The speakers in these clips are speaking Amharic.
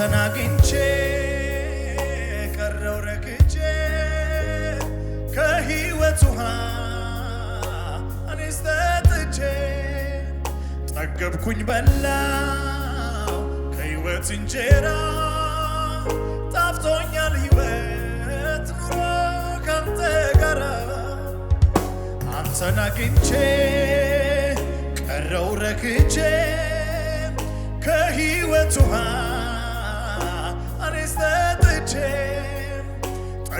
አንተን አግኝቼ ቀረው ከህይወት ውሃ እኔስ ጠገብኩኝ በላው ከህይወት እንጀራ ጣፍቶኛል ህይወት ኑሮ ካንተ ጋራ አንተን አግኝቼ ቀረው ከህይወት ውሃ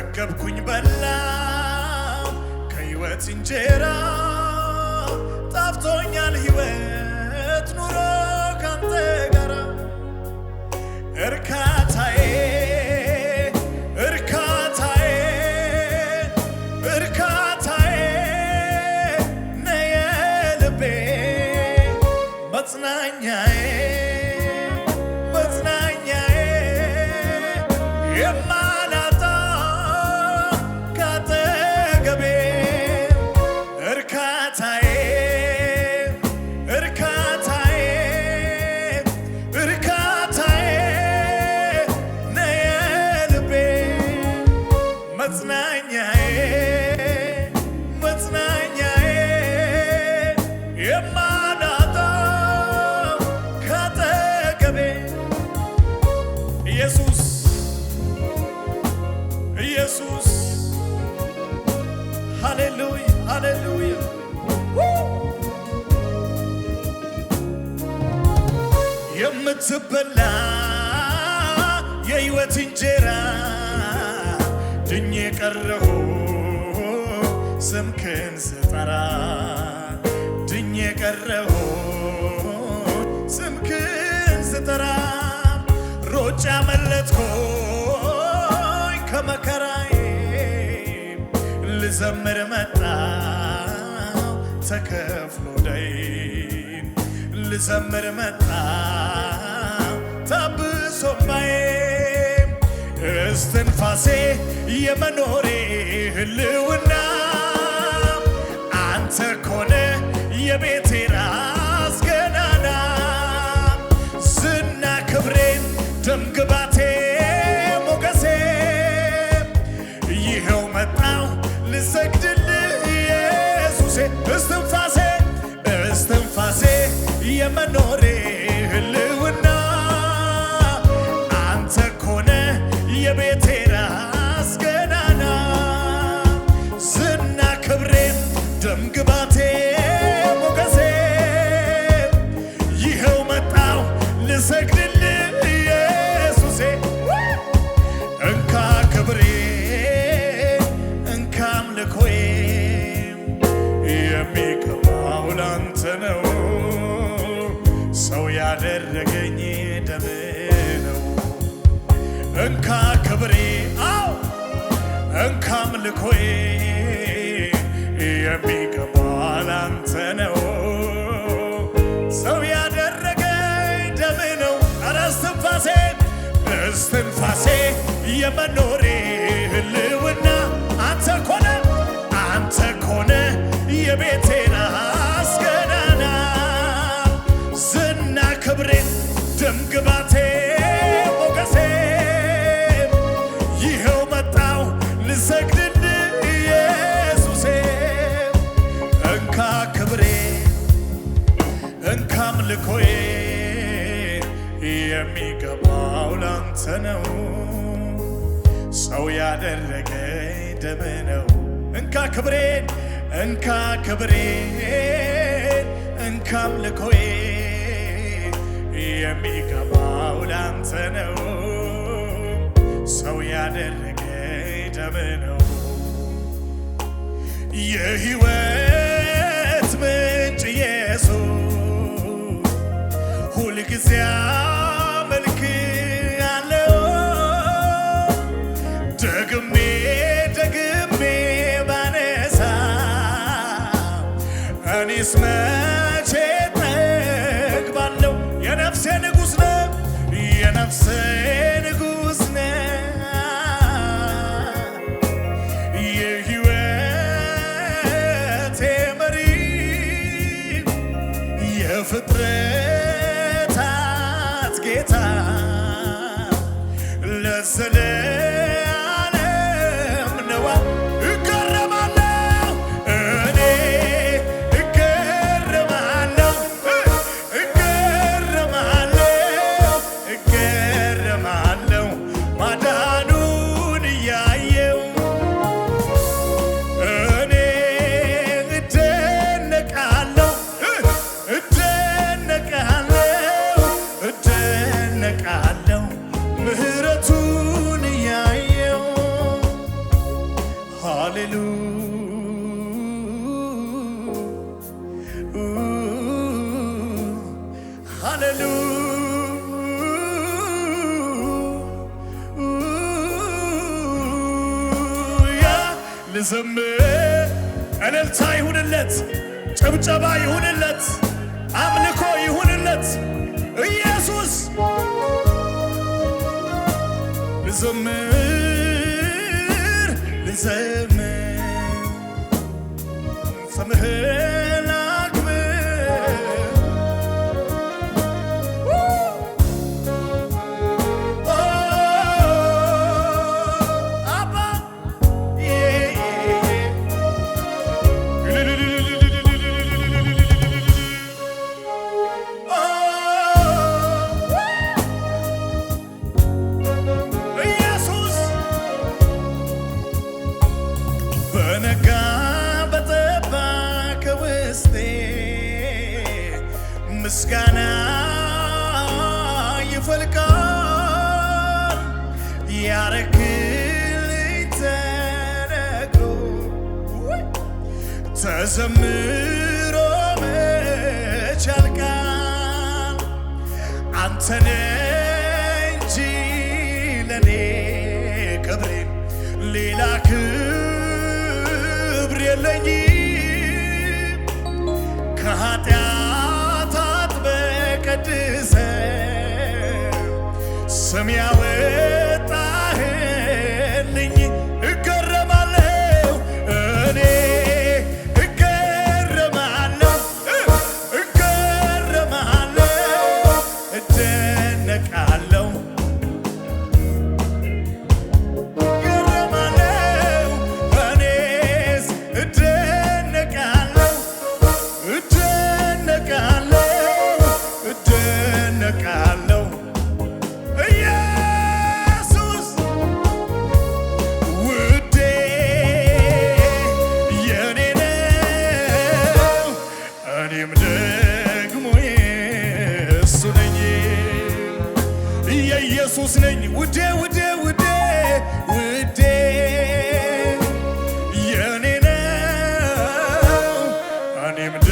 ጠገብኩኝ በላው ከህይወት እንጀራ ጣፍቶኛል ህይወት ኑሮ ካንተ ጋራ እርካታዬ ተፈወስኩኝ ከመከራዬ ልዘምር መጣው ተከፍሎ ደይን ልዘምር መጣው ታብሶማዬ እስትንፋሴ የመኖሬ ህልውና አንተ ኮነ የቤት እስትንፋሴ እስትንፋሴ የመኖሬ አምልኮዬ የሚገባ ላንተ ነው። ሰው ያደረገ ደም ነው። አረ እስትንፋሴ እስትንፋሴ የመኖሬ የሚገባው ላንተ ነው። ሰው ያደረገኝ ደም ነው። እንካ ክብሬን፣ እንካ ክብሬን፣ እንካ አምልኮዬ የሚገባው ላንተ ነው። ሰው ያደረገኝ ደም ነው። የህይወት ምንጭ ኢየሱስ ሁልጊዜ እንዘምር። እልልታ ይሁንለት፣ ጭብጨባ ይሁንለት፣ አምልኮ ይሁንለት። ኢየሱስ ልዘምር ልዘምር ስምህን ተዘምሮ መች ያልቃል? አንተን እንጂ ለኔ ክብሬን ሌላ ክብር የለኝም። ከኃጢአታት በቀድሰ ስም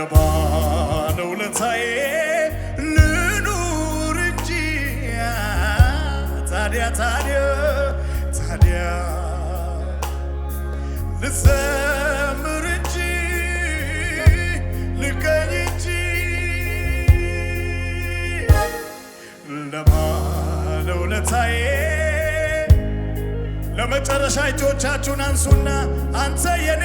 ለባ ነው ውለታዬ ልኑር እንጂ ታዲያ ታዲያ ታዲያ ልዘምር እንጂ ልቀኝ እንጂ ለባ ነው ለመጨረሻ እጆቻችሁን አንሱና አንተ የኔ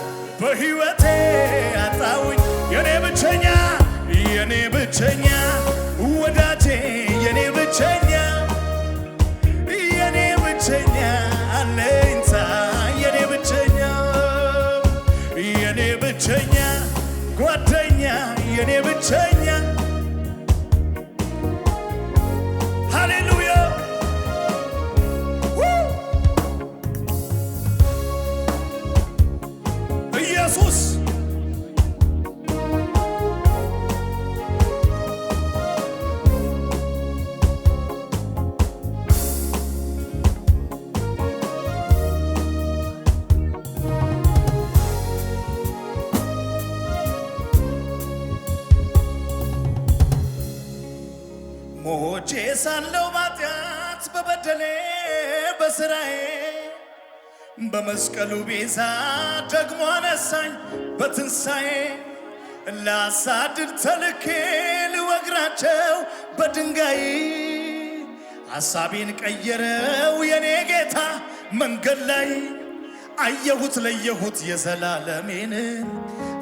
ብቸኛ ወዳጄ የኔ ብቸኛ የኔ ብቸኛ አለኝታ የኔ ብቸኛ የኔ ብቸኛ ጓደኛ የኔ ብቸኛ በበደሌ በስራዬ በመስቀሉ ቤዛ ደግሞ አነሳኝ በትንሣኤ ላሳድድ ተልኬ ልወግራቸው በድንጋይ ሐሳቤን ቀየረው የኔ ጌታ መንገድ ላይ አየሁት ለየሁት የዘላለሜን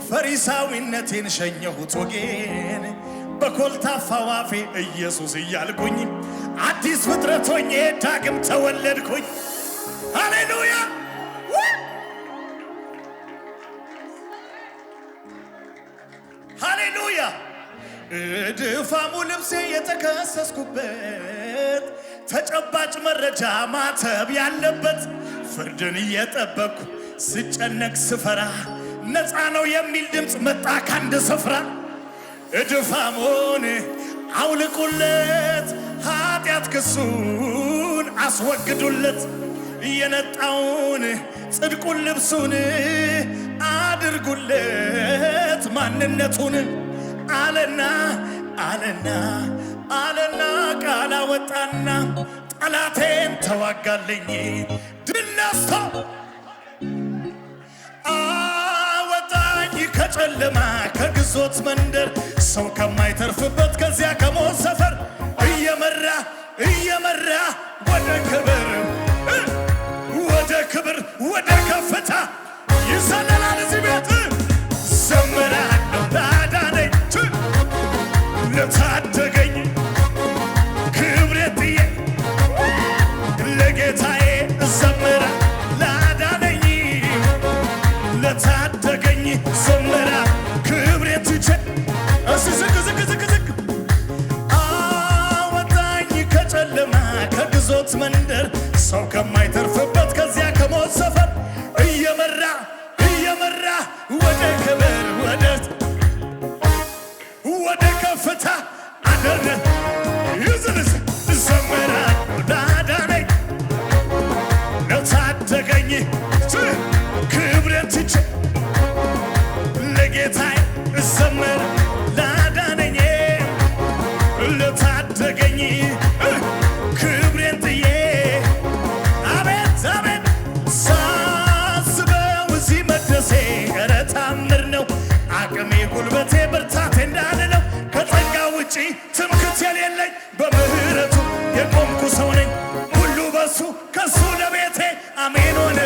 ፈሪሳዊነቴን ሸኘሁት ወጌን በኮልታፋ ዋፌ ኢየሱስ እያልኩኝ አዲስ ፍጥረት ሆኜ ዳግም ተወለድኩኝ። ሃሌሉያ! ሃሌሉያ! እድፋሙ ልብሴ የተከሰስኩበት ተጨባጭ መረጃ ማተብ ያለበት ፍርድን እየጠበቅኩ ስጨነቅ ስፈራ ነፃ ነው የሚል ድምፅ መጣ ከአንድ ስፍራ እድፋሙን አውልቁለት ኃጢአት ክሱን አስወግዱለት የነጣውን ጽድቁን ልብሱን አድርጉለት ማንነቱን አለና አለና አለና ቃላ ወጣና ጠላቴን ተዋጋለኝ ድል ነስቶ አወጣኝ ከጨለማ ከግዞት መንደር ሰው ከማይተርፍበት ከዚያ ከሞት ሰፈር እየመራ እየመራ ወደ ክብር ወደ ክብር ወደ ከፍታ ይሰለላል እዚህ ቤት ከሞት መንደር ሰው ከማይተርፍበት ከዚያ ከሞት ሰፈር እየመራ እየመራ ወደ ክብር ወደት ወደ ከፍታ አደረ ይዝንስ ዘመራ ለቤቴ አሜን ሆነ።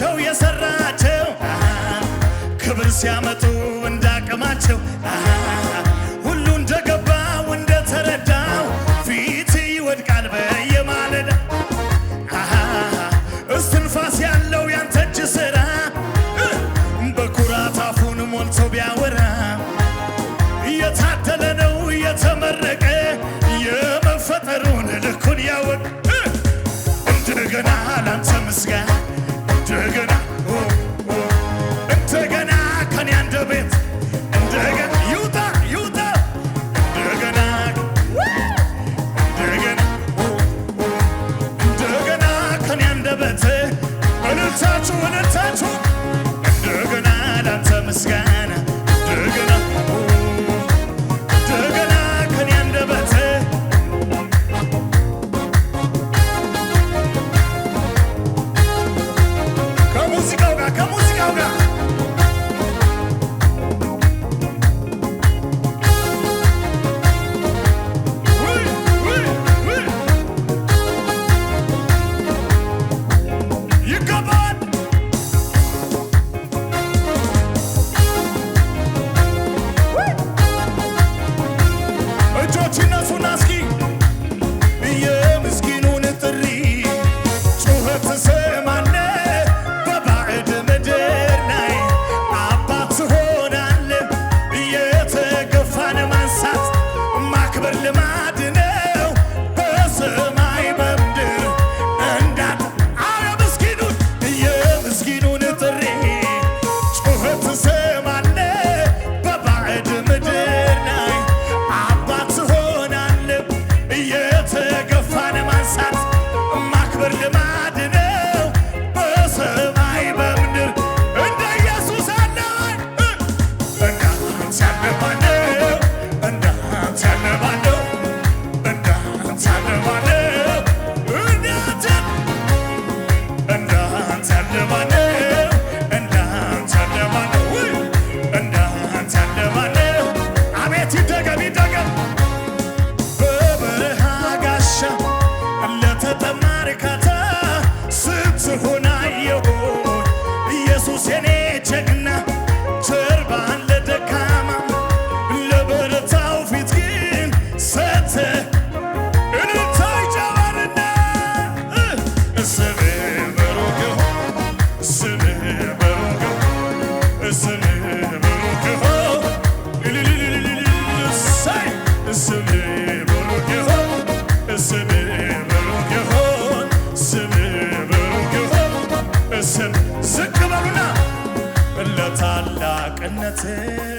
ሰው የሰራቸው ክብር ሲያመጡ እንዳቅማቸው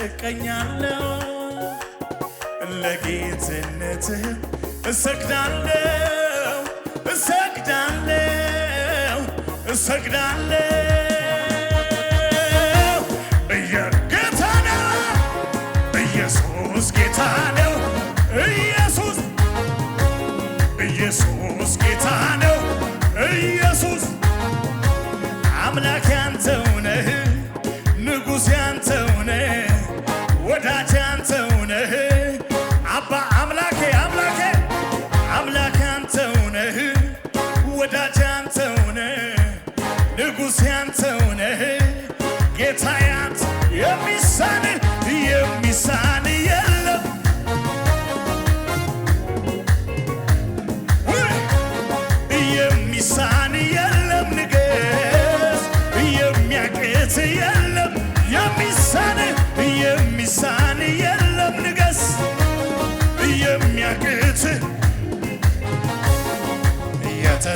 እቀኛለሁ ለጌትነት እሰግዳለሁ እሰግዳለሁ እሰግዳለሁ tune.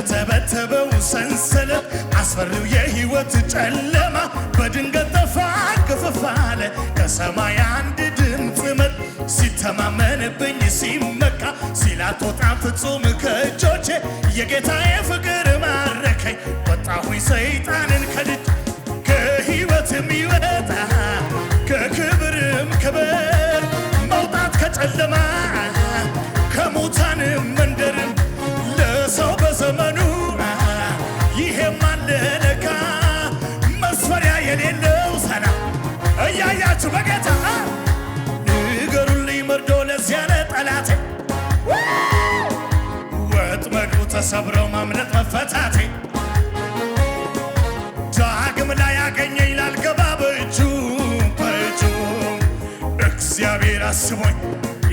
የተበተበው ሰንሰለት አስፈሪው የህይወት ጨለማ በድንገት ጠፋ ክፍፍ አለ። ከሰማይ አንድ ድምፅ መጥ ሲተማመንብኝ ሲመካ ሲላት ፍጹም ከእጆቼ የጌታዬ ፍቅር ማረከኝ። ወጣሁኝ ሰይጣንን ከልጅ ከሕይወትም ይወጣ ከክብርም ክብር መውጣት ከጨለማ ከሙታንም ተሰብሮ ማምለጥ መፈታቴ ዳግም ላይ ያገኘኝ ላልገባ በእጁ በእጁ እግዚአብሔር አስቦኝ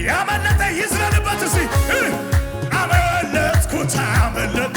ያመለጠ አመለጥኩት አመለጥ